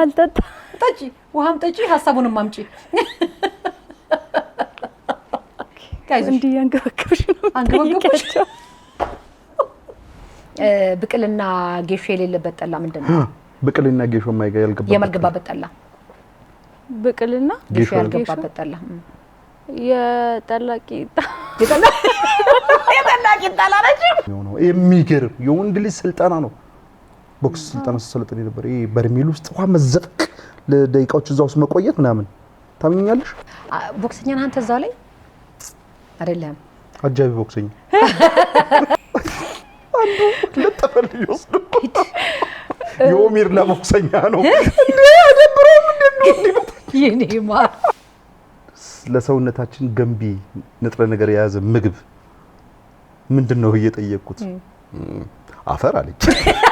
አልጠጣ ጠጪ፣ ውሃም ጠጪ፣ ሀሳቡንም አምጪ። እንዲህ ያንገበገብሽ አንገበገብሽ። ብቅልና ጌሾ የሌለበት ጠላ ምንድን ነው? ብቅልና ጌሾ ያልገባበት ጠላ። ብቅልና ጌሾ ያልገባበት ጠላ። የጠላ ቂጣ የጠላ ቂጣ ላረጅም የሚገርም የወንድ ልጅ ስልጠና ነው። ቦክስ ስልጠና ስሰለጥን ነበር። ይሄ በርሜል ውስጥ ውሃ መዘቅቅ ለደቂቃዎች እዛ ውስጥ መቆየት ምናምን ታምኛለሽ። ቦክሰኛ አንተ እዛ ላይ አይደለም አጃቢ ቦክሰኛ አንዱ ለጠፈል ይወስዱ የኦሚር ለቦክሰኛ ነው እንዴ? አደብረውም እንዴ ነው ይኔ ማር ለሰውነታችን ገንቢ ንጥረ ነገር የያዘ ምግብ ምንድን ነው እየጠየቅኩት፣ አፈር አለች።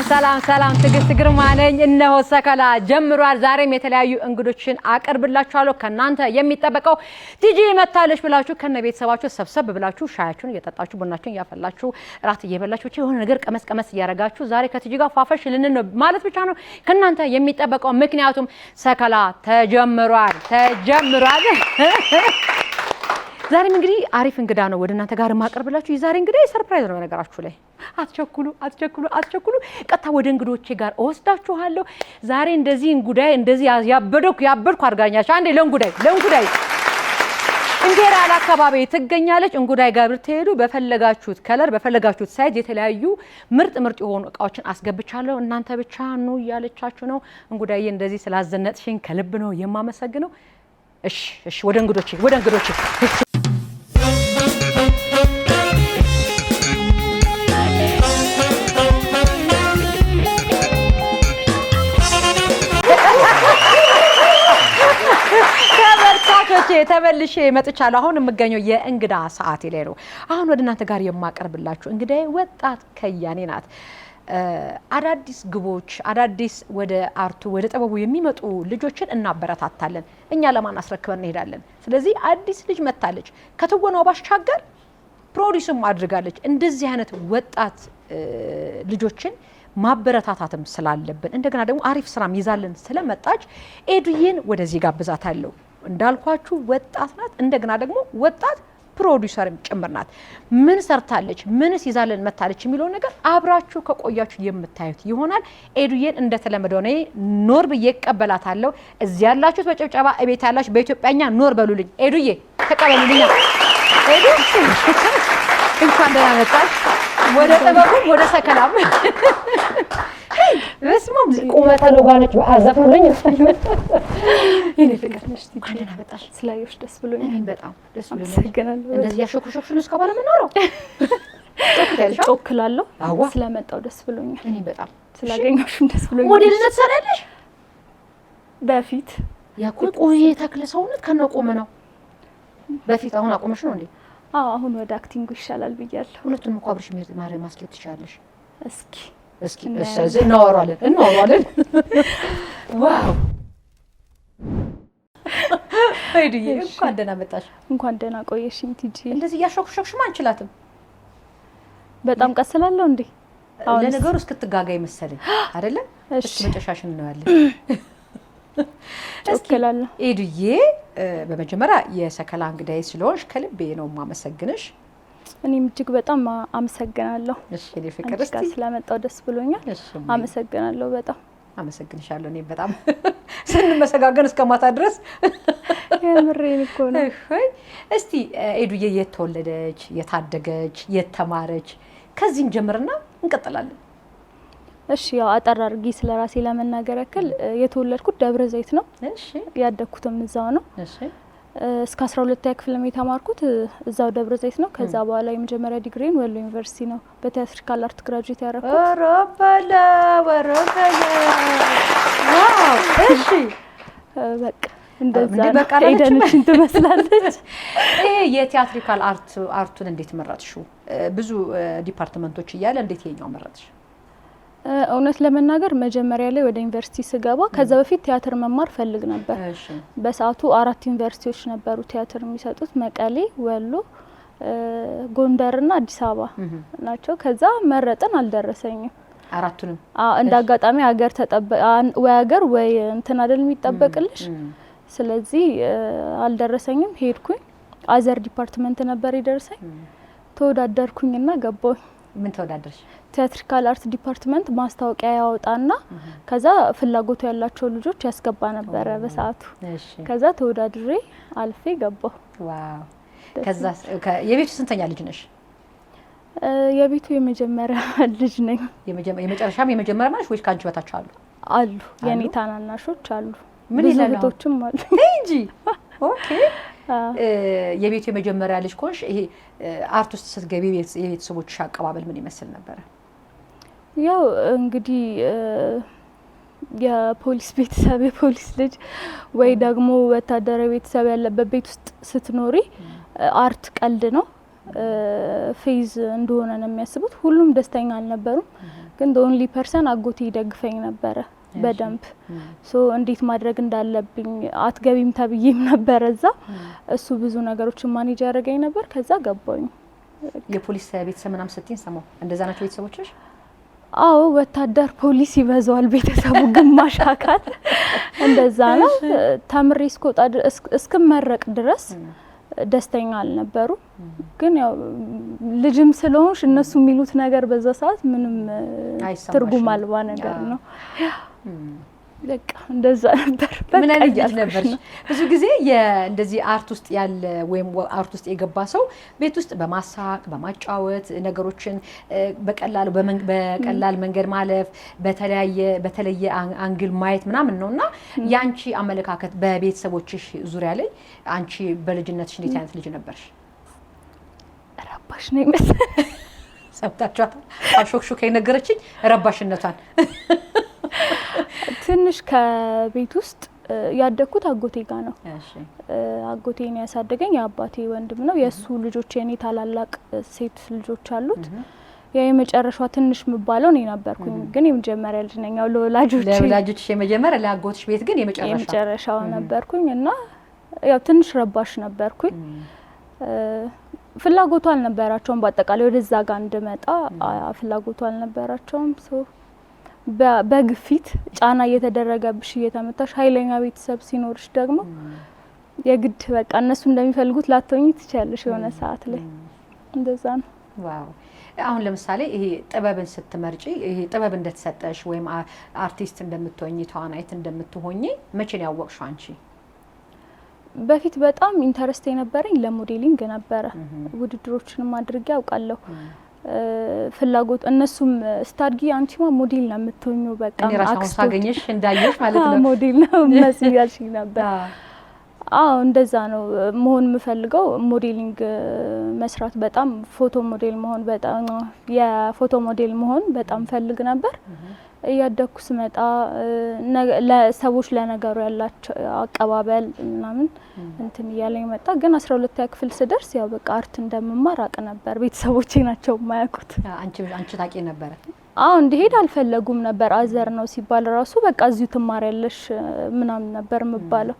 ሰላም ሰላም ሰላም፣ ትግስት ግርማ ነኝ። እነሆ ሰከላ ጀምሯል። ዛሬም የተለያዩ እንግዶችን አቀርብላችኋለሁ። ከእናንተ የሚጠበቀው ቲጂ መታለች ብላችሁ ከነ ቤተሰባችሁ ሰብሰብ ብላችሁ ሻያችሁን እየጠጣችሁ ቡናችሁን እያፈላችሁ ራት እየበላችሁ የሆነ ነገር ቀመስ ቀመስ እያደረጋችሁ ዛሬ ከቲጂ ጋር ፏፈሽ ልንን ነው ማለት ብቻ ነው ከእናንተ የሚጠበቀው። ምክንያቱም ሰከላ ተጀምሯል ተጀምሯል። ዛሬም እንግዲህ አሪፍ እንግዳ ነው ወደ እናንተ ጋር ማቀርብላችሁ። የዛሬ እንግዲህ ሰርፕራይዝ ነው በነገራችሁ ላይ አትቸኩሉ፣ አትቸኩሉ፣ አትቸኩሉ። ቀጥታ ወደ እንግዶቼ ጋር እወስዳችኋለሁ። ዛሬ እንደዚህ እንጉዳይ እንደዚህ ያበደኩ ያበድኩ አድርጋኛች። አንዴ ለእንጉዳይ ለእንጉዳይ እንጌራ አካባቢ ትገኛለች። እንጉዳይ ጋር ብትሄዱ በፈለጋችሁት ከለር በፈለጋችሁት ሳይዝ የተለያዩ ምርጥ ምርጥ የሆኑ እቃዎችን አስገብቻለሁ። እናንተ ብቻ ኑ እያለቻችሁ ነው። እንጉዳዬ እንደዚህ ስላዘነጥሽኝ ከልብ ነው የማመሰግነው። እሺ፣ እሺ፣ ወደ እንግዶቼ ወደ እንግዶቼ ተመልሼ መጥቻለሁ። አሁን የምገኘው የእንግዳ ሰዓት ላይ ነው። አሁን ወደ እናንተ ጋር የማቀርብላችሁ እንግዳ ወጣት ከያኔ ናት። አዳዲስ ግቦች፣ አዳዲስ ወደ አርቱ ወደ ጥበቡ የሚመጡ ልጆችን እናበረታታለን። እኛ ለማን አስረክበን እንሄዳለን? ስለዚህ አዲስ ልጅ መታለች። ከትወናው ባሻገር ፕሮዲስም አድርጋለች። እንደዚህ አይነት ወጣት ልጆችን ማበረታታትም ስላለብን እንደገና ደግሞ አሪፍ ስራም ይዛልን ስለመጣች ኤዱዬን ወደዚህ ጋብዛታለሁ። እንዳልኳችሁ ወጣት ናት። እንደገና ደግሞ ወጣት ፕሮዲሰርም ጭምር ናት። ምን ሰርታለች፣ ምንስ ይዛለን መታለች የሚለውን ነገር አብራችሁ ከቆያችሁ የምታዩት ይሆናል። ኤዱዬን እንደተለመደው እኔ ኖር ብዬ እቀበላታለሁ። እዚህ ያላችሁት በጭብጨባ እቤት ያላችሁ በኢትዮጵያኛ ኖር በሉልኝ። ኤዱዬ ተቀበሉልኛ። ኤዱ እንኳን ደህና መጣች ወደ ጥበቡም ወደ ሰከላም ቁመተ ሎጋ ነች። ዘፍኑልኝ የእኔ ፍቅር እንኳን መጣሽ። ስላየሁሽ ደስ ብሎኛል። በጣም ደስ ብሎኛል። እንደዚህ ያሾክሾክሽ ነው እስከባለ የምኖረው ጮክላለሁ። ስለመጣው ደስ ብሎኛል። እኔ በጣም ስላገኘሁሽም ደስ ብሎኛል። ሞዴልነት ሰራለሽ በፊት ተክለ ሰውነት ከነ ቆመ ነው በፊት አሁን አቆመሽ ነው እንዴ? አዎ አሁን ወደ አክቲንጉ ይሻላል ብያለሁ። ሁለቱንም እኮ አብረሽ ትችያለሽ። እስኪ እስኪ እዚህ እናወራለን እናወራለን። ዋው ሄዱዬ እንኳን ደህና መጣሽ። እንኳን ደህና ቆየሽኝ ቲጂ። እንደዚህ እያሾክሾክሽማ አንችላትም። በጣም ቀስላለሁ እንዴ? ለነገሩ እስክትጋጋይ መሰለኝ አይደለ? እሺ መጨሻሽን ነው ያለን። እስክላለሁ በመጀመሪያ የሰከላ እንግዳይ ስለሆንሽ ከልቤ ነው የማመሰግንሽ። እኔም እጅግ በጣም አመሰግናለሁ። እሺ ፍቅር እስቲ ስለመጣው ደስ ብሎኛል። አመሰግናለሁ በጣም አመሰግንሻለሁ። እኔ በጣም ስንመሰጋገን እስከ ማታ ድረስ የምሬን እኮ ነው። እስቲ ኤዱዬ የተወለደች የታደገች የተማረች ከዚህም ጀምርና እንቀጥላለን። እሺ ያው አጠር አድርጊ ስለ ራሴ ለመናገር ያክል የተወለድኩት ደብረ ዘይት ነው። እሺ ያደግኩትም እዛው ነው። እሺ እስከ 12 ክፍል ነው የተማርኩት እዛው ደብረ ዘይት ነው። ከዛ በኋላ የመጀመሪያ ዲግሪን ወሎ ዩኒቨርሲቲ ነው በቲያትሪካል አርት ግራጁዌት ያደረኩት። ወሮበለ ወሮበለ ዋው! እሺ በቃ እንደዛ ኤደንሽን ትመስላለች። ይሄ የቲያትሪካል አርት አርቱን እንዴት መረጥሽው? ብዙ ዲፓርትመንቶች እያለ እንዴት ይሄኛው መረጥሽ? እውነት ለመናገር መጀመሪያ ላይ ወደ ዩኒቨርሲቲ ስገባ ከዛ በፊት ቲያትር መማር ፈልግ ነበር። በሰዓቱ አራት ዩኒቨርሲቲዎች ነበሩ ቲያትር የሚሰጡት መቀሌ፣ ወሎ፣ ጎንደርና አዲስ አበባ ናቸው። ከዛ መረጥን አልደረሰኝም። አራቱንም እንደ አጋጣሚ ሀገር ወይ ሀገር ወይ እንትን አደል የሚጠበቅልሽ። ስለዚህ አልደረሰኝም። ሄድኩኝ አዘር ዲፓርትመንት ነበር የደረሰኝ። ተወዳደርኩኝና ገባኝ። ምን ተወዳደርሽ? ቲያትሪካል አርት ዲፓርትመንት ማስታወቂያ ያወጣና ከዛ ፍላጎቱ ያላቸው ልጆች ያስገባ ነበረ በሰዓቱ። ከዛ ተወዳድሬ አልፌ ገባሁ። የቤቱ ስንተኛ ልጅ ነሽ? የቤቱ የመጀመሪያ ልጅ ነኝ። የመጨረሻም የመጀመሪያ ነሽ ወይስ ከአንቺ በታች አሉ? አሉ የኔ ታናናሾች አሉ፣ ብዙ እህቶችም አሉ እንጂ የቤቱ የመጀመሪያ ልጅ ኮንሽ ይሄ አርት ውስጥ ስትገቢ የቤተሰቦች አቀባበል ምን ይመስል ነበረ? ያው እንግዲህ የፖሊስ ቤተሰብ የፖሊስ ልጅ ወይ ደግሞ ወታደራዊ ቤተሰብ ያለበት ቤት ውስጥ ስትኖሪ አርት ቀልድ ነው ፌዝ እንደሆነ ነው የሚያስቡት። ሁሉም ደስተኛ አልነበሩም። ግን ኦንሊ ፐርሰን አጎቴ ይደግፈኝ ነበረ በደንብ ሶ እንዴት ማድረግ እንዳለብኝ አትገቢም ተብዬም ነበር እዛ። እሱ ብዙ ነገሮችን ማኔጅ ያደረገኝ ነበር። ከዛ ገባኝ። የፖሊስ ቤተሰብ ምናምን ስትይኝ ሰማሁ። እንደዛ ናቸው ቤተሰቦችሽ? አዎ፣ ወታደር ፖሊስ ይበዛዋል ቤተሰቡ ግማሽ አካል እንደዛ ነው። ተምሬ እስክወጣ እስክመረቅ ድረስ ደስተኛ አልነበሩ። ግን ያው ልጅም ስለሆንሽ እነሱ የሚሉት ነገር በዛ ሰዓት ምንም ትርጉም አልባ ነገር ነው። በቃ እንደዛ ነበር። ምን አይነት ልጅ ብዙ ጊዜ እንደዚህ አርት ውስጥ ያለ ወይም አርት ውስጥ የገባ ሰው ቤት ውስጥ በማሳቅ በማጫወት ነገሮችን በቀላሉ በቀላል መንገድ ማለፍ በተለያየ በተለየ አንግል ማየት ምናምን ነው እና የአንቺ አመለካከት በቤተሰቦችሽ ዙሪያ ላይ አንቺ በልጅነትሽ እንዴት አይነት ልጅ ነበርሽ? ረባሽ ነው ይመስል ሰምታችኋታል። አሾክሾክ የነገረችኝ ረባሽነቷን ትንሽ ከቤት ውስጥ ያደግኩት አጎቴ ጋር ነው። አጎቴን ያሳደገኝ የአባቴ ወንድም ነው። የእሱ ልጆች የኔ ታላላቅ ሴት ልጆች አሉት። የመጨረሻዋ ትንሽ የምባለው እኔ ነበርኩኝ፣ ግን የመጀመሪያ ልጅ ነኝ። ያው ለወላጆች የመጀመሪያ ለአጎትሽ ቤት ግን የመጨረሻው ነበርኩኝ እና ያው ትንሽ ረባሽ ነበርኩኝ። ፍላጎቱ አልነበራቸውም። በአጠቃላይ ወደዛ ጋር እንድመጣ ፍላጎቱ አልነበራቸውም። በግፊት ጫና እየተደረገብሽ እየተመታሽ፣ ኃይለኛ ቤተሰብ ሲኖርሽ ደግሞ የግድ በቃ እነሱ እንደሚፈልጉት ላትሆኚ ትችያለሽ የሆነ ሰዓት ላይ እንደዛ ነው። አሁን ለምሳሌ ይሄ ጥበብን ስትመርጪ ይሄ ጥበብ እንደተሰጠሽ ወይም አርቲስት እንደምትሆኝ ተዋናይት እንደምትሆኝ መቼ ነው ያወቅሽው አንቺ? በፊት በጣም ኢንተረስት የነበረኝ ለሞዴሊንግ ነበረ። ውድድሮችንም አድርጌ ያውቃለሁ። ፍላጎት እነሱም ስታድጊ አንቺማ ሞዴል ነው የምትሆኚው፣ በቃ አክስቶት እንዳየሽ ማለት ነው ሞዴል ነው መስዬ አልሽኝ ነበር። አዎ እንደዛ ነው መሆን የምፈልገው። ሞዴሊንግ መስራት በጣም ፎቶ ሞዴል መሆን በጣም የፎቶ ሞዴል መሆን በጣም ፈልግ ነበር። እያደግኩ ስመጣ ሰዎች ለነገሩ ያላቸው አቀባበል ምናምን እንትን እያለኝ መጣ። ግን አስራ ሁለተኛ ክፍል ስደርስ ያው በቃ አርት እንደምማር አቅ ነበር። ቤተሰቦቼ ናቸው የማያውቁት። አንቺ ታቂ ነበረ? አዎ እንዲሄድ አልፈለጉም ነበር። አዘር ነው ሲባል ራሱ በቃ እዚሁ ያለሽ ምናምን ነበር የምባለው።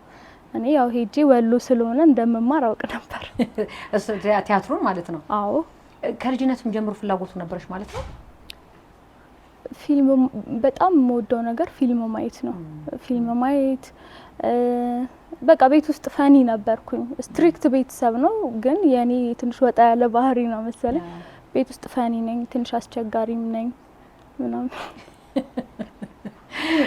እኔ ያው ሄጄ ወሎ ስለሆነ እንደምማር አውቅ ነበር። ቲያትሩን ማለት ነው? አዎ። ከልጅነትም ጀምሮ ፍላጎቱ ነበረች ማለት ነው? ፊልም በጣም የምወደው ነገር ፊልም ማየት ነው። ፊልም ማየት በቃ ቤት ውስጥ ፈኒ ነበርኩኝ። ስትሪክት ቤተሰብ ነው፣ ግን የኔ ትንሽ ወጣ ያለ ባህሪ ነው መሰለኝ። ቤት ውስጥ ፈኒ ነኝ፣ ትንሽ አስቸጋሪም ነኝ ምናምን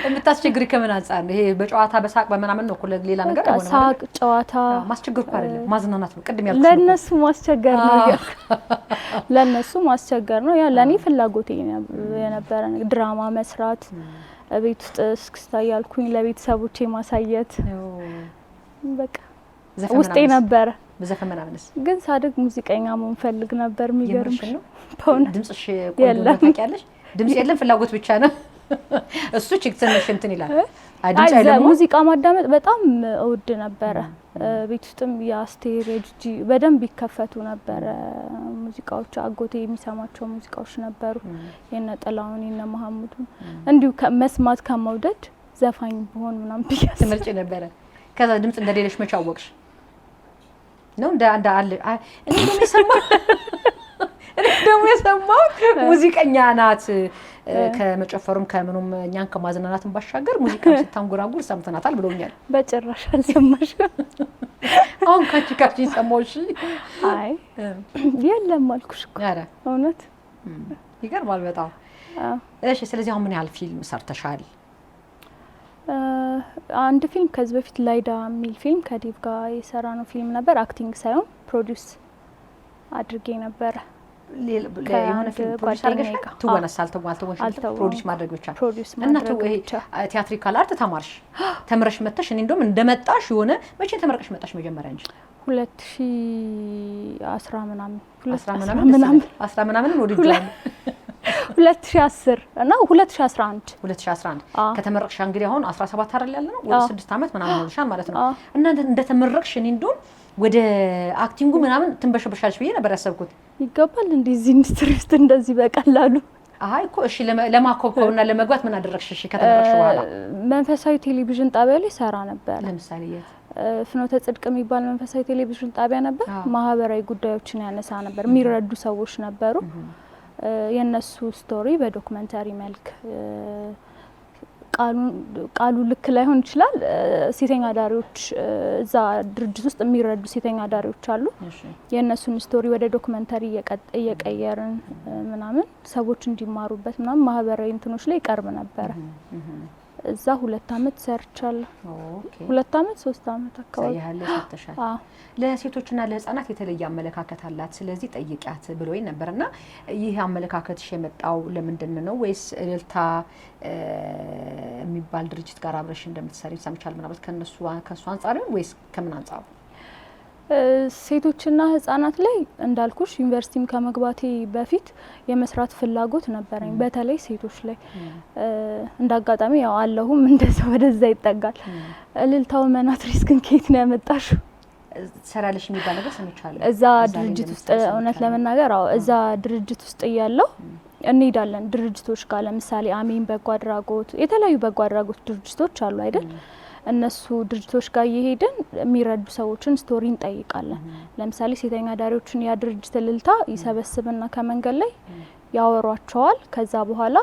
የምታስቸግሪ ከምን አንጻር ነው? ይሄ በጨዋታ በሳቅ በምናምን ነው እኮ ሌላ ነገር ሆነ። ሳቅ ጨዋታ ማስቸገር እኮ አይደለም ማዝናናት ነው። ቅድም ያልኩት ለእነሱ ማስቸገር ነው፣ ለእነሱ ማስቸገር ነው። ያ ለእኔ ፍላጎቴ የነበረ ድራማ መስራት፣ ቤት ውስጥ እስክስታ ያልኩኝ ለቤተሰቦቼ ማሳየት በቃ ውስጤ ነበረ። በዘፈን ምናምንስ ግን ሳድግ ሙዚቀኛ መሆን ፈልግ ነበር። የሚገርምሽ ነው በእውነት ድምፅሽ ቆንጆ ነው። ታውቂያለሽ ድምጽ የለም ፍላጎት ብቻ ነው። እሱ ችግር ትንሽ እንትን ይላል። ሙዚቃ ማዳመጥ በጣም እውድ ነበረ። ቤት ውስጥም የአስቴር የጂጂ በደንብ ይከፈቱ ነበረ ሙዚቃዎች። አጎቴ የሚሰማቸው ሙዚቃዎች ነበሩ፣ የነ ጥላሁን የነ መሀሙድ። እንዲሁ መስማት ከመውደድ ዘፋኝ ብሆን ምናምን ብዬ ትመርጭ ነበረ። ከዛ ድምጽ እንደሌለሽ መቼ አወቅሽ? ነው እንደ አንድ አለ እኔ ደግሞ የሰማው ሙዚቀኛ ናት። ከመጨፈሩም ከምኑም እኛን ከማዝናናትን ባሻገር ሙዚቃ ስታንጎራጉር ሰምተናታል ብሎኛል። በጭራሽ አልሰማሽም? አሁን ካቺ ካቺ ሰማሁሽ። አይ የለም አልኩሽ እኮ ኧረ እውነት ይገርማል በጣም እሺ። ስለዚህ አሁን ምን ያህል ፊልም ሰርተሻል? አንድ ፊልም ከዚህ በፊት ላይዳ የሚል ፊልም ከዲቭ ጋር የሰራ ነው ፊልም ነበር። አክቲንግ ሳይሆን ፕሮዲውስ አድርጌ ነበረ የሆነ ፊልም ፕሮዲስ ቲያትሪካል አርት ተማርሽ ተምረሽ መጥተሽ እኔ እንደውም እንደመጣሽ የሆነ መቼ ተመረቀሽ መጣሽ መጀመሪያ እንጂ ሁለት ሺህ አስራ ምናምን አስራ ምናምን ወደ ሁለት ሺህ አስር እና ሁለት ሺህ አስራ አንድ ሁለት ሺህ አስራ አንድ ከተመረቅሽ እንግዲህ አሁን አስራ ሰባት አይደል ያለ ነው ወደ ስድስት ዓመት ምናምን ሆነሻል ማለት ነው እና እንደተመረቅሽ እኔ እንደውም ወደ አክቲንጉ ምናምን ትንበሸበሻለች ብዬ ነበር ያሰብኩት። ይገባል እንደዚህ ኢንዱስትሪ ውስጥ እንደዚህ በቀላሉ አይ እኮ እሺ፣ ለማኮብኮብና ለመግባት ምን አደረግሽ? እሺ፣ ከተመረሽ በኋላ መንፈሳዊ ቴሌቪዥን ጣቢያ ላይ ሰራ ነበር። ለምሳሌ የት? ፍኖተ ጽድቅ የሚባል መንፈሳዊ ቴሌቪዥን ጣቢያ ነበር። ማህበራዊ ጉዳዮችን ያነሳ ነበር። የሚረዱ ሰዎች ነበሩ። የእነሱ ስቶሪ በዶክመንታሪ መልክ ቃሉ ልክ ላይሆን ይችላል። ሴተኛ አዳሪዎች እዛ ድርጅት ውስጥ የሚረዱ ሴተኛ አዳሪዎች አሉ። የእነሱን ስቶሪ ወደ ዶክመንተሪ እየቀየርን ምናምን ሰዎች እንዲማሩበት ምናምን ማህበራዊ እንትኖች ላይ ይቀርብ ነበረ። እዛ ሁለት አመት ሰርቻለሁ። ሁለት አመት ሶስት አመት አካባቢ ሰርተሻል። ለሴቶችና ለህጻናት የተለየ አመለካከት አላት፣ ስለዚህ ጠይቂያት ብሎ ነበር እና ይህ አመለካከትሽ የመጣው ለምንድን ነው ወይስ እልልታ የሚባል ድርጅት ጋር አብረሽ እንደምትሰሪ ሰምቻል ምናልባት ከነሱ ከእሱ አንጻር ወይስ ከምን አንጻሩ? ሴቶችና ህጻናት ላይ እንዳልኩሽ ዩኒቨርሲቲም ከመግባቴ በፊት የመስራት ፍላጎት ነበረኝ። በተለይ ሴቶች ላይ እንደ አጋጣሚ ያው አለሁም እንደዛ ወደዛ ይጠጋል። እልልታው መናት ሪስክን ከየት ነው ያመጣሹ? ሰራለሽ የሚባል ነገር ሰምቻለሁ። እዛ ድርጅት ውስጥ እውነት ለመናገር አዎ፣ እዛ ድርጅት ውስጥ እያለሁ እንሄዳለን ድርጅቶች ጋር ለምሳሌ አሜን በጎ አድራጎት፣ የተለያዩ በጎ አድራጎት ድርጅቶች አሉ አይደል እነሱ ድርጅቶች ጋር እየሄድን የሚረዱ ሰዎችን ስቶሪ እንጠይቃለን። ለምሳሌ ሴተኛ አዳሪዎችን ያ ድርጅት ልልታ ይሰበስብና ከመንገድ ላይ ያወሯቸዋል። ከዛ በኋላ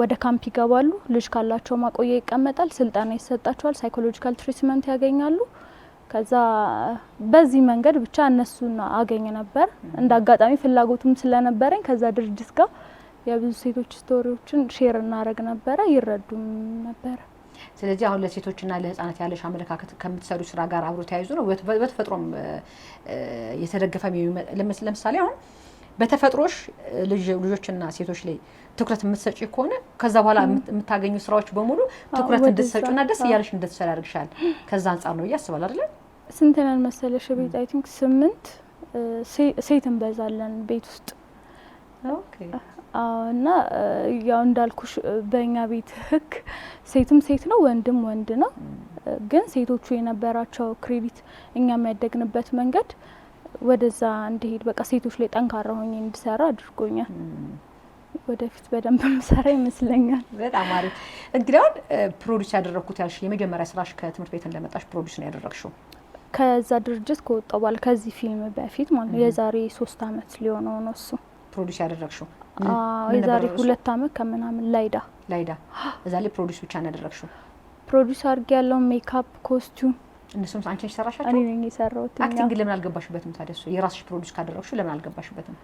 ወደ ካምፕ ይገባሉ። ልጅ ካላቸው ማቆያ ይቀመጣል። ስልጠና ይሰጣቸዋል። ሳይኮሎጂካል ትሪትመንት ያገኛሉ። ከዛ በዚህ መንገድ ብቻ እነሱን አገኝ ነበር። እንደ አጋጣሚ ፍላጎቱም ስለነበረኝ ከዛ ድርጅት ጋር የብዙ ሴቶች ስቶሪዎችን ሼር እናደረግ ነበረ። ይረዱም ነበረ። ስለዚህ አሁን ለሴቶችና ለህፃናት ያለሽ አመለካከት ከምትሰሩ ስራ ጋር አብሮ ተያይዞ ነው በተፈጥሮም የተደገፈ ለምሳሌ አሁን በተፈጥሮሽ ልጆችና ሴቶች ላይ ትኩረት የምትሰጪ ከሆነ ከዛ በኋላ የምታገኙ ስራዎች በሙሉ ትኩረት እንድትሰጪና ደስ እያለሽ እንድትሰራ ያደርግሻል። ከዛ አንጻር ነው ብዬ አስባለሁ። አይደለ ስንት ነን መሰለሽ ቤት አይ ቲንክ ስምንት ሴት እንበዛለን ቤት ውስጥ እና ያው እንዳልኩሽ በእኛ ቤት ህግ ሴትም ሴት ነው፣ ወንድም ወንድ ነው። ግን ሴቶቹ የነበራቸው ክሬዲት እኛ የሚያደግንበት መንገድ ወደዛ እንዲሄድ በቃ ሴቶች ላይ ጠንካራ ሆኜ እንዲሰራ አድርጎኛል። ወደፊት በደንብ የምሰራ ይመስለኛል። በጣም አሪፍ። እንግዲያውን ፕሮዲስ ያደረግኩት ያልሽ የመጀመሪያ ስራሽ ከትምህርት ቤት እንደመጣሽ ፕሮዲስ ነው ያደረግሽው? ከዛ ድርጅት ከወጣሁ በኋላ ከዚህ ፊልም በፊት ማለት ነው። የዛሬ ሶስት አመት ሊሆነው ነው እሱ ፕሮዲስ ያደረግሽው። የዛሬ ሁለት አመት ከምናምን ላይዳ ላይዳ እዛ ላይ ፕሮዲስ ብቻ ነው ያደረግሽው? ፕሮዲስ አድርጌ ያለው ሜካፕ፣ ኮስቲዩም እነሱም አንቺ ነሽ ሰራሻቸው? እኔ ነኝ የሰራሁት። አክቲንግ ለምን አልገባሽበትም ታዲያ? እሱ የራስሽ ፕሮዲስ ካደረግሽው ለምን አልገባሽበትም?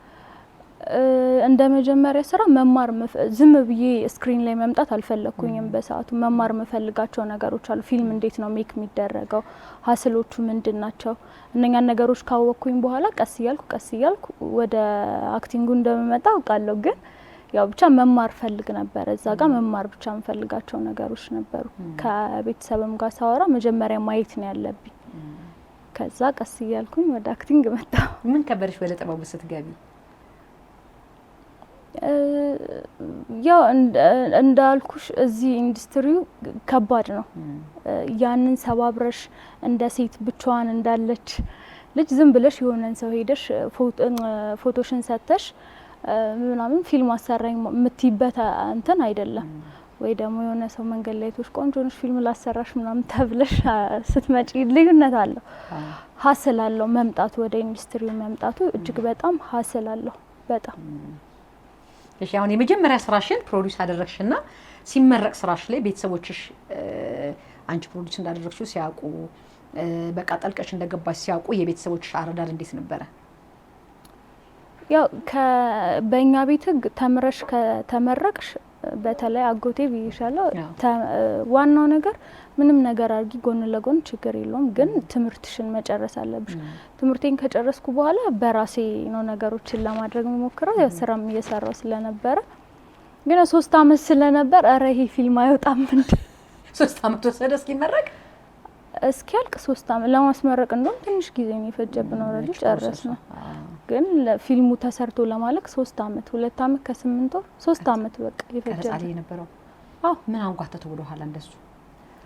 እንደ መጀመሪያ ስራ መማር ዝም ብዬ ስክሪን ላይ መምጣት አልፈለግኩኝም። በሰዓቱ መማር የምፈልጋቸው ነገሮች አሉ። ፊልም እንዴት ነው ሜክ የሚደረገው፣ ሀስሎቹ ምንድን ናቸው? እነኛን ነገሮች ካወቅኩኝ በኋላ ቀስ እያልኩ ቀስ እያልኩ ወደ አክቲንጉ እንደምመጣ አውቃለሁ። ግን ያው ብቻ መማር ፈልግ ነበረ። እዛ ጋር መማር ብቻ የምፈልጋቸው ነገሮች ነበሩ። ከቤተሰብም ጋር ሳወራ መጀመሪያ ማየት ነው ያለብኝ። ከዛ ቀስ እያልኩኝ ወደ አክቲንግ መጣ። ምን ከበደሽ ወደ ጥበቡ ስትገቢ? ያው እንዳልኩሽ እዚህ ኢንዱስትሪው ከባድ ነው። ያንን ሰባብረሽ እንደ ሴት ብቻዋን እንዳለች ልጅ ዝም ብለሽ የሆነን ሰው ሄደሽ ፎቶሽን ሰጥተሽ ምናምን ፊልም አሰራኝ የምትይበት እንትን አይደለም። ወይ ደግሞ የሆነ ሰው መንገድ ላይ ቶች ቆንጆ ነሽ ፊልም ላሰራሽ ምናምን ተብለሽ ስትመጪ ልዩነት አለው። ሀስል አለው መምጣቱ፣ ወደ ኢንዱስትሪው መምጣቱ እጅግ በጣም ሀስል አለው በጣም እሺ አሁን የመጀመሪያ ስራሽን ፕሮዲውስ አደረግሽና ሲመረቅ ስራሽ ላይ ቤተሰቦችሽ አንቺ ፕሮዲውስ እንዳደረግሽው ሲያውቁ በቃ ጠልቀሽ እንደገባሽ ሲያውቁ የቤተሰቦችሽ አረዳድ እንዴት ነበረ? ያው በእኛ ቤት ህግ ተምረሽ ከተመረቅሽ በተለይ አጎቴ ብይሻለው። ዋናው ነገር ምንም ነገር አድርጊ ጎን ለጎን ችግር የለውም ግን ትምህርትሽን መጨረስ አለብሽ። ትምህርቴን ከጨረስኩ በኋላ በራሴ ነው ነገሮችን ለማድረግ መሞክረው። ስራም እየሰራው ስለነበረ ግን ሶስት አመት ስለነበር ኧረ ይሄ ፊልም አይወጣም ምንድ ሶስት አመት ወሰደ እስኪመረቅ እስኪያልቅ ሶስት አመት ለማስመረቅ እንደውም ትንሽ ጊዜ ነው የፈጀብን። ኦልሬዲ ጨረስ ነው ግን ፊልሙ ተሰርቶ ለማለቅ ሶስት አመት ሁለት አመት ከስምንት ወር ሶስት አመት በቃ የፈጀብን የነበረው። አዎ ምን አንጓተተው ወደ ኋላ እንደሱ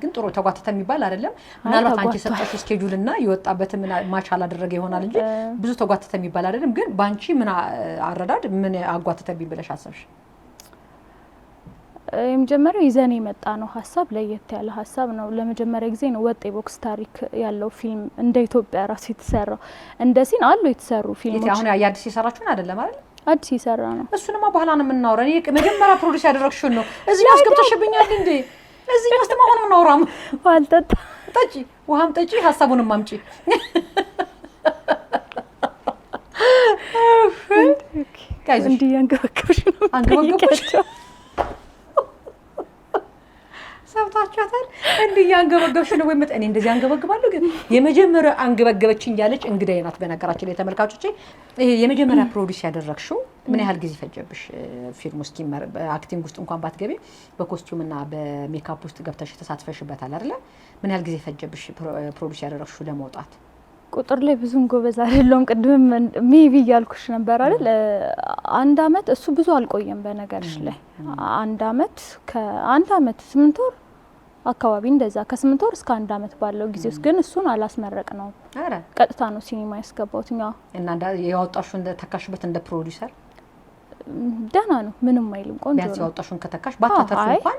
ግን ጥሩ ተጓተተ የሚባል አይደለም። ምናልባት አንቺ የሰጠሽ ስኬጁል እና የወጣበት ማች አላደረገ ይሆናል እንጂ ብዙ ተጓተተ የሚባል አይደለም። ግን በአንቺ ምን አረዳድ ምን አጓተተብኝ ብለሽ አሰብሽ? የመጀመሪያው ይዘን የመጣ ነው ሀሳብ ለየት ያለ ሀሳብ ነው። ለመጀመሪያ ጊዜ ነው ወጥ የቦክስ ታሪክ ያለው ፊልም እንደ ኢትዮጵያ ራሱ የተሰራው። እንደ ሲን አሉ የተሰሩ ፊልሞች አሁን የአዲስ የሰራችሁን አይደለም አይደል? አዲስ የሰራ ነው። እሱንማ በኋላ ነው የምናወራው። እኔ መጀመሪያ ፕሮዲስ ያደረግሽውን ነው እዚህ አስገብተሽብኛል እንዴ? እዚህ ውስጥ ማሆን እናውራም። አልጠጣ ጠጪ፣ ውሃም ጠጪ፣ ሀሳቡንም አምጪ። እንዲህ አንገበገብሽ ነው አንገበገብሽ ገብታችኋታል? እንዲህ ያንገበገብሽ ነው ወይ? እኔ እንደዚህ አንገበግባለሁ። ግን የመጀመሪያ አንገበገበችኝ ያለች እንግዳዬ ናት። በነገራችን ላይ ተመልካቾቼ፣ የመጀመሪያ ፕሮዲስ ያደረግሽው ምን ያህል ጊዜ ፈጀብሽ? ፊልም ውስጥ አክቲንግ ውስጥ እንኳን ባትገቢ በኮስቲዩም እና በሜካፕ ውስጥ ገብተሽ ተሳትፈሽበታል አይደለ? ምን ያህል ጊዜ ፈጀብሽ ፕሮዲስ ያደረግሽው ለመውጣት? ቁጥር ላይ ብዙም ጎበዝ አይደለሁም። ቅድም ሜቢ እያልኩሽ ነበር አይደል? አንድ አመት እሱ ብዙ አልቆየም። በነገርሽ ላይ አንድ አመት ከአንድ አመት ስምንት ወር አካባቢ እንደዛ ከስምንት ወር እስከ አንድ አመት ባለው ጊዜ ውስጥ ግን እሱን አላስመረቅ ነው ቀጥታ ነው ሲኒማ ያስገባሁት። እና ያወጣሹ ተካሽበት እንደ ፕሮዲሰር ደህና ነው፣ ምንም አይልም። ቆንጆ ቢያንስ ያወጣሹን ከተካሽ ባታተርፍ እንኳን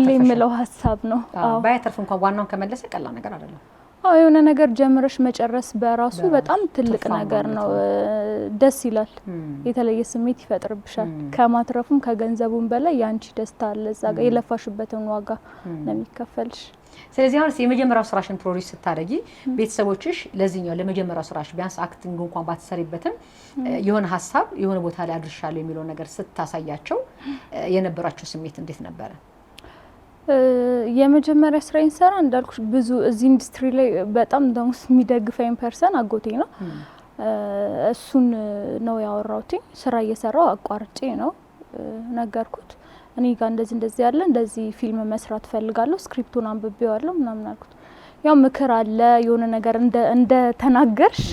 ሁሌ የምለው ሀሳብ ነው። ባያተርፍ እንኳን ዋናውን ከመለሰ ቀላል ነገር አይደለም። አዎ የሆነ ነገር ጀምረሽ መጨረስ በራሱ በጣም ትልቅ ነገር ነው። ደስ ይላል፣ የተለየ ስሜት ይፈጥርብሻል። ከማትረፉም ከገንዘቡም በላይ የአንቺ ደስታ አለ እዛ ጋር የለፋሽበትን ዋጋ ነው የሚከፈልሽ። ስለዚህ አሁን የመጀመሪያው ስራሽን ፕሮዲስ ስታደርጊ ቤተሰቦችሽ ለዚህኛው ለመጀመሪያው ስራሽ ቢያንስ አክቲንግ እንኳን ባትሰሪበትም የሆነ ሀሳብ የሆነ ቦታ ላይ አድርሻለሁ የሚለውን ነገር ስታሳያቸው የነበራቸው ስሜት እንዴት ነበረ? የመጀመሪያ ስራ ይንሰራ እንዳልኩሽ ብዙ እዚህ ኢንዱስትሪ ላይ በጣም ደግሞ የሚደግፈኝ ፐርሰን አጎቴ ነው። እሱን ነው ያወራሁት። ስራ እየሰራው አቋርጬ ነው ነገርኩት። እኔ ጋር እንደዚህ እንደዚህ ያለ እንደዚህ ፊልም መስራት ፈልጋለሁ፣ ስክሪፕቱን አንብቤዋለሁ ምናምን አልኩት። ያው ምክር አለ የሆነ ነገር እንደ ተናገርሽ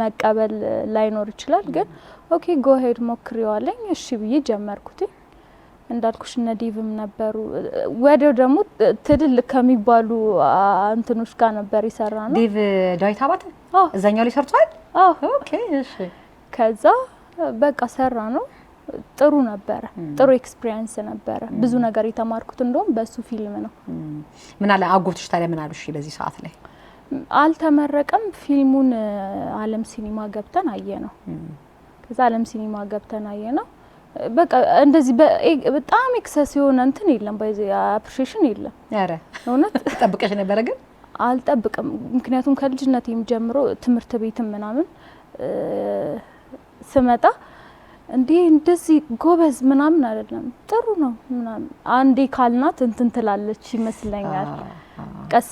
መቀበል ላይኖር ይችላል፣ ግን ኦኬ ጎሄድ ሞክሪዋለኝ እሺ ብዬ ጀመርኩት። እንዳልኩሽ እነ ዲቭም ነበሩ። ወደ ደግሞ ትልልቅ ከሚባሉ እንትኖች ጋር ነበር የሰራ ነው። ዲቭ ዳዊት አባት እዛኛው ላይ ሰርቷል። ከዛ በቃ ሰራ ነው። ጥሩ ነበረ። ጥሩ ኤክስፒሪየንስ ነበረ። ብዙ ነገር የተማርኩት እንደውም በሱ ፊልም ነው። ምን አለ አጎትሽ ታዲያ ምን አሉሽ? በዚህ ሰዓት ላይ አልተመረቀም። ፊልሙን አለም ሲኒማ ገብተን አየ ነው። ከዛ አለም ሲኒማ ገብተን አየ ነው በቃ እንደዚህ በጣም ኤክሰስ የሆነ እንትን የለም፣ ባይዘ አፕሪሽን የለም። ኧረ እውነት ጠብቀሽ ነበረ ግን አልጠብቅም። ምክንያቱም ከልጅነት የሚጀምረው ትምህርት ቤትም ምናምን ስመጣ እንዴ እንደዚህ ጎበዝ ምናምን አይደለም፣ ጥሩ ነው ምናምን አንዴ ካልናት እንትን ትላለች ይመስለኛል። ቀስ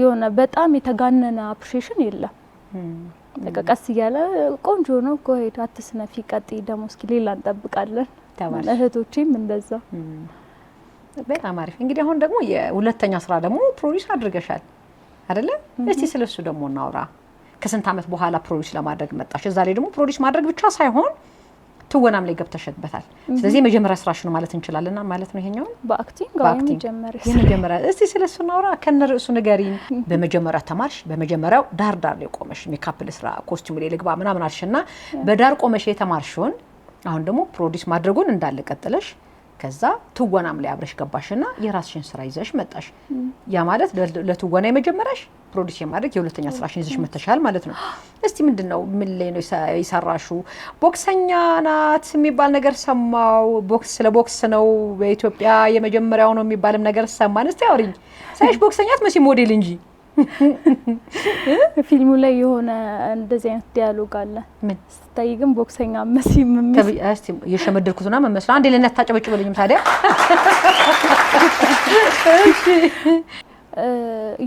የሆነ በጣም የተጋነነ አፕሪሽን የለም። በቃ ቀስ እያለ ቆንጆ ነው እኮ ሄድ አትስነፊ፣ ቀጥይ ደግሞ እስኪ ሌላ እንጠብቃለን። እህቶቼም እንደዛ በጣም አሪፍ። እንግዲህ አሁን ደግሞ የሁለተኛ ስራ ደግሞ ፕሮዲስ አድርገሻል አይደለ? እስቲ እሱ ደግሞ እናውራ። ከስንት ዓመት በኋላ ፕሮዲስ ለማድረግ መጣሽ? እዛ ላይ ደግሞ ፕሮዲስ ማድረግ ብቻ ሳይሆን ትወናም ላይ ገብተሸበታል። ስለዚህ የመጀመሪያ ስራሽ ነው ማለት እንችላለንና ማለት ነው ይሄኛውን በአክቲንግ የመጀመሪያ እስቲ ስለ እሱ እናውራ። ከነ ርዕሱ ንገሪኝ። በመጀመሪያ ተማርሽ፣ በመጀመሪያው ዳር ዳር ላይ ቆመሽ ሜካፕ ልስራ፣ ኮስቲም ላይ ልግባ ምናምን አልሽና በዳር ቆመሽ የተማርሽውን አሁን ደግሞ ፕሮዲስ ማድረጉን እንዳለ ቀጥለሽ ከዛ ትወናም ላይ አብረሽ ገባሽና የራስሽን ስራ ይዘሽ መጣሽ። ያ ማለት ለትወና የመጀመሪያሽ ፕሮዲስ የማድረግ የሁለተኛ ስራሽን ይዘሽ መተሻል ማለት ነው። እስቲ ምንድን ነው ምን ላይ ነው የሰራሹ? ቦክሰኛ ናት የሚባል ነገር ሰማው። ቦክስ ስለ ቦክስ ነው በኢትዮጵያ የመጀመሪያው ነው የሚባልም ነገር ሰማን። እስቲ አውሪኝ። ሳይሽ ቦክሰኛት ትመስይ ሞዴል እንጂ ፊልሙ ላይ የሆነ እንደዚህ አይነት ዲያሎግ አለ። ስታይ ግን ቦክሰኛ መሲ የሸመደልኩትና መመስለ አንድ ለእናት ታጨበጭበልኝም ታዲያ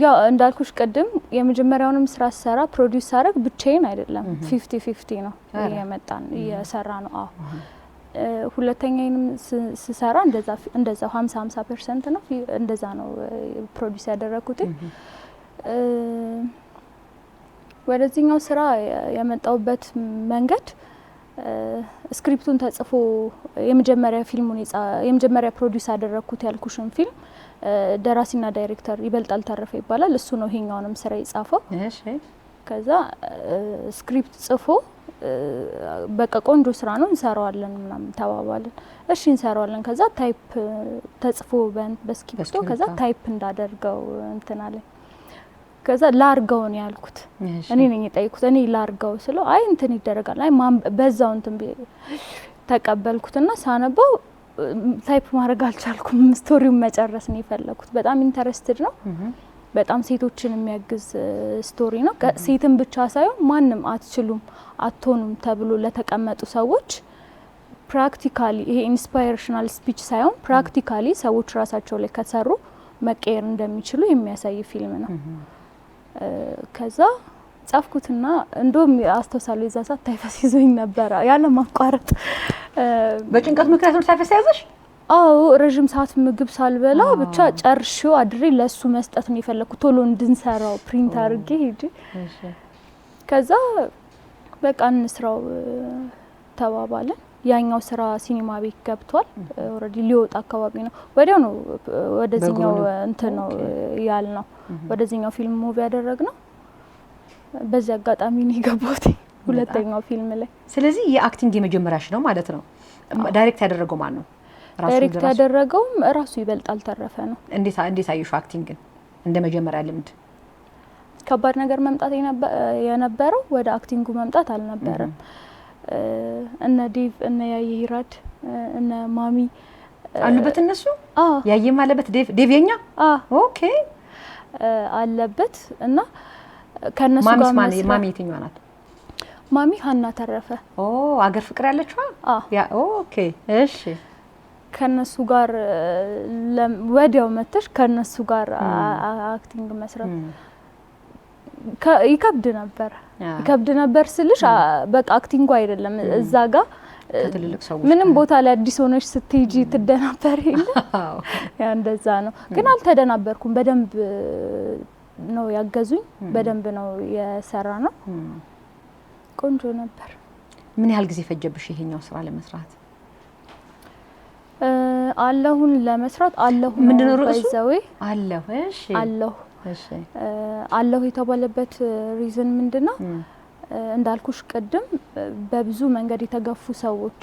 ያው እንዳልኩሽ ቅድም የመጀመሪያውንም ስራ ሰራ ፕሮዲውስ ሳደርግ ብቻዬን አይደለም፣ ፊፍቲ ፊፍቲ ነው የመጣን እየሰራ ነው። አዎ ሁለተኛዬንም ስሰራ እንደዛ ሀምሳ ሀምሳ ፐርሰንት ነው እንደዛ ነው ፕሮዲውስ ያደረግኩት። ወደዚህኛው ስራ የመጣውበት መንገድ ስክሪፕቱን ተጽፎ የመጀመሪያ ፊልሙን የመጀመሪያ ፕሮዲውስ ያደረግኩት ያልኩሽን ፊልም ደራሲና ዳይሬክተር ይበልጣል ተረፈ ይባላል። እሱ ነው ይሄኛውንም ስራ የጻፈው። ከዛ ስክሪፕት ጽፎ በቃ ቆንጆ ስራ ነው እንሰራዋለን ምናምን ተባባልን። እሺ እንሰራዋለን። ከዛ ታይፕ ተጽፎ በስክሪፕቶ ከዛ ታይፕ እንዳደርገው እንትን አለኝ ከዛ ላርገው ነው ያልኩት። እኔ ነኝ የጠየኩት። እኔ ላርገው ስለው አይ እንትን ይደረጋል፣ አይ በዛው እንትን ተቀበልኩትና ሳነበው ታይፕ ማድረግ አልቻልኩም። ስቶሪውን መጨረስ ነው የፈለኩት። በጣም ኢንተረስትድ ነው። በጣም ሴቶችን የሚያግዝ ስቶሪ ነው። ሴትን ብቻ ሳይሆን ማንም አትችሉም አትሆኑም ተብሎ ለተቀመጡ ሰዎች ፕራክቲካሊ ይሄ ኢንስፓይሬሽናል ስፒች ሳይሆን ፕራክቲካሊ ሰዎች ራሳቸው ላይ ከሰሩ መቀየር እንደሚችሉ የሚያሳይ ፊልም ነው። ከዛ ጻፍኩትና እንደውም አስታውሳለሁ የዛ ሰዓት ታይፈስ ይዞኝ ነበረ ያለ ማቋረጥ። በጭንቀት ምክንያት ነው ታይፈስ ያዘሽ? አዎ ረዥም ሰዓት ምግብ ሳልበላ ብቻ ጨርሼው አድሬ ለሱ መስጠት ነው የፈለኩት ቶሎ እንድንሰራው ፕሪንት አድርጌ ሄጂ። ከዛ በቃ እንስራው ተባባለን። ያኛው ስራ ሲኒማ ቤት ገብቷል። ኦልሬዲ ሊወጣ አካባቢ ነው። ወዲያው ነው ወደዚኛው እንትን ነው ያል ነው ወደዚኛው ፊልም ሙቪ ያደረግ ነው። በዚህ አጋጣሚ ነው የገባሁት ሁለተኛው ፊልም ላይ። ስለዚህ የአክቲንግ የመጀመሪያሽ ነው ማለት ነው። ዳይሬክት ያደረገው ማን ነው? ዳይሬክት ያደረገውም ራሱ ይበልጣል ተረፈ ነው። እንዴት እንዴት አየሽው አክቲንግን እንደ መጀመሪያ ልምድ? ከባድ ነገር መምጣት የነበረው ወደ አክቲንጉ መምጣት አልነበረም። እነ ዴቭ እነ ያየ ሂራድ እነ ማሚ አሉበት እነሱ ያየም አለበት ዴቭ የኛ ኦኬ አለበት እና ከነሱ ጋር ማሚ የትኛዋ ናት? ማሚ ሀና ተረፈ ኦ አገር ፍቅር ያለችዋ ኦኬ እሺ ከነሱ ጋር ወዲያው መተሽ ከነሱ ጋር አክቲንግ መስራት ይከብድ ነበር ይከብድ ነበር ስልሽ በቃ አክቲንጉ አይደለም እዛ ጋ ምንም ቦታ ላይ አዲስ ሆነሽ ስትሄጂ ትደናበር የለ ያው እንደዛ ነው። ግን አልተደናበርኩም። በደንብ ነው ያገዙኝ፣ በደንብ ነው የሰራ ነው። ቆንጆ ነበር። ምን ያህል ጊዜ ፈጀብሽ ይሄኛው ስራ ለመስራት? አለሁን ለመስራት አለሁ ምንድን ነው አለሁ አለሁ አለሁ የተባለበት ሪዝን ምንድን ነው? እንዳልኩሽ ቅድም በብዙ መንገድ የተገፉ ሰዎች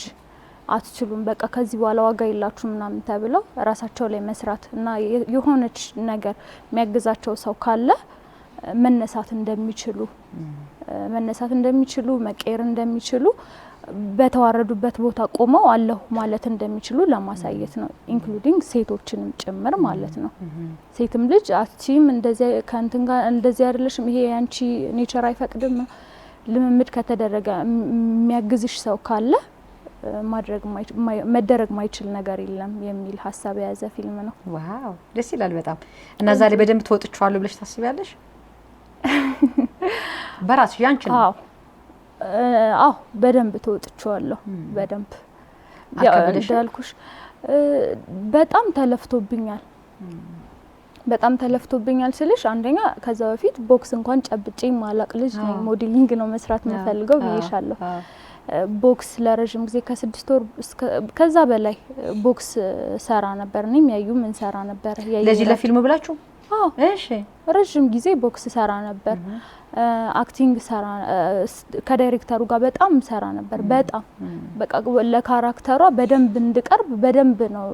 አትችሉም፣ በቃ ከዚህ በኋላ ዋጋ የላችሁ ምናምን ተብለው ራሳቸው ላይ መስራት እና የሆነች ነገር የሚያግዛቸው ሰው ካለ መነሳት እንደሚችሉ መነሳት እንደሚችሉ መቀየር እንደሚችሉ በተዋረዱበት ቦታ ቆመው አለሁ ማለት እንደሚችሉ ለማሳየት ነው። ኢንክሉዲንግ ሴቶችንም ጭምር ማለት ነው። ሴትም ልጅ አቺም እንደዚያ ከእንትን ጋር እንደዚያ አይደለሽም፣ ይሄ ያንቺ ኔቸር አይፈቅድም። ልምምድ ከተደረገ የሚያግዝሽ ሰው ካለ መደረግ ማይችል ነገር የለም የሚል ሀሳብ የያዘ ፊልም ነው። ዋው ደስ ይላል በጣም እና ዛሬ በደንብ ትወጥችዋለሁ ብለሽ ታስቢያለሽ በራስሽ ያንቺ ነው አዎ በደንብ ተወጥቼዋለሁ። በደንብ እንዳልኩሽ በጣም ተለፍቶብኛል። በጣም ተለፍቶብኛል ስልሽ አንደኛ ከዛ በፊት ቦክስ እንኳን ጨብጬ ማላቅ ልጅ ነኝ። ሞዴሊንግ ነው መስራት የምፈልገው ብዬሻለሁ። ቦክስ ለረዥም ጊዜ ከስድስት ወር ከዛ በላይ ቦክስ ሰራ ነበር። እኔም ያዩ ምን ሰራ ነበር ለዚህ ለፊልም ብላችሁ እሺ ረዥም ጊዜ ቦክስ ሰራ ነበር። አክቲንግ ሰራ ከዳይሬክተሩ ጋር በጣም ሰራ ነበር። በጣም በቃ ለካራክተሯ በደንብ እንድቀርብ በደንብ ነው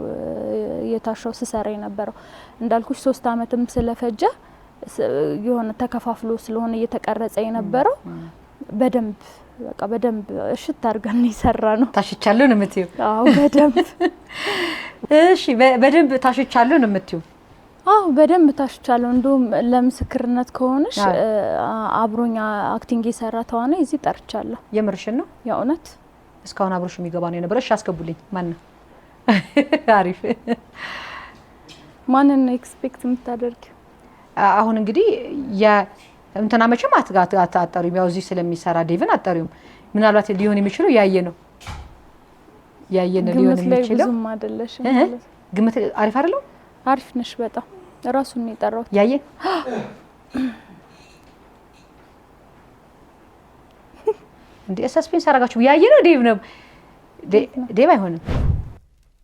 የታሻው ስሰራ የነበረው። እንዳልኩሽ ሶስት አመትም ስለፈጀ የሆነ ተከፋፍሎ ስለሆነ እየተቀረጸ የነበረው በደንብ በቃ በደንብ እሽት አድርገን ይሰራ ነው። ታሽቻለሁ ነው የምትዩ? አዎ በደንብ እሺ፣ በደንብ ታሽቻለሁ ነው የምትዩ? አዎ በደንብ ታሽቻለሁ። እንዲሁም ለምስክርነት ከሆነሽ አብሮኛ አክቲንግ የሰራ ተዋናይ እዚህ ጠርቻለሁ። የምርሽን ነው? የእውነት እስካሁን አብሮሽ የሚገባ ነው የነበረሽ? አስገቡልኝ። ማን ነው? አሪፍ። ማንን ነው ኤክስፔክት የምታደርግ? አሁን እንግዲህ እንትና መቼም አትጠሪውም፣ ያው እዚህ ስለሚሰራ ዴቭን አትጠሪውም። ምናልባት ሊሆን የሚችለው ያየ ነው ያየ ሊሆን የሚችለው። ግምት አሪፍ አይደለም። አሪፍ ነሽ በጣም ራሱን ነው የጠራው። ያየ እንዴ ሰስፔንስ አደረጋችሁ። ያየ ነው ዴቭ ነው ዴቭ አይሆንም።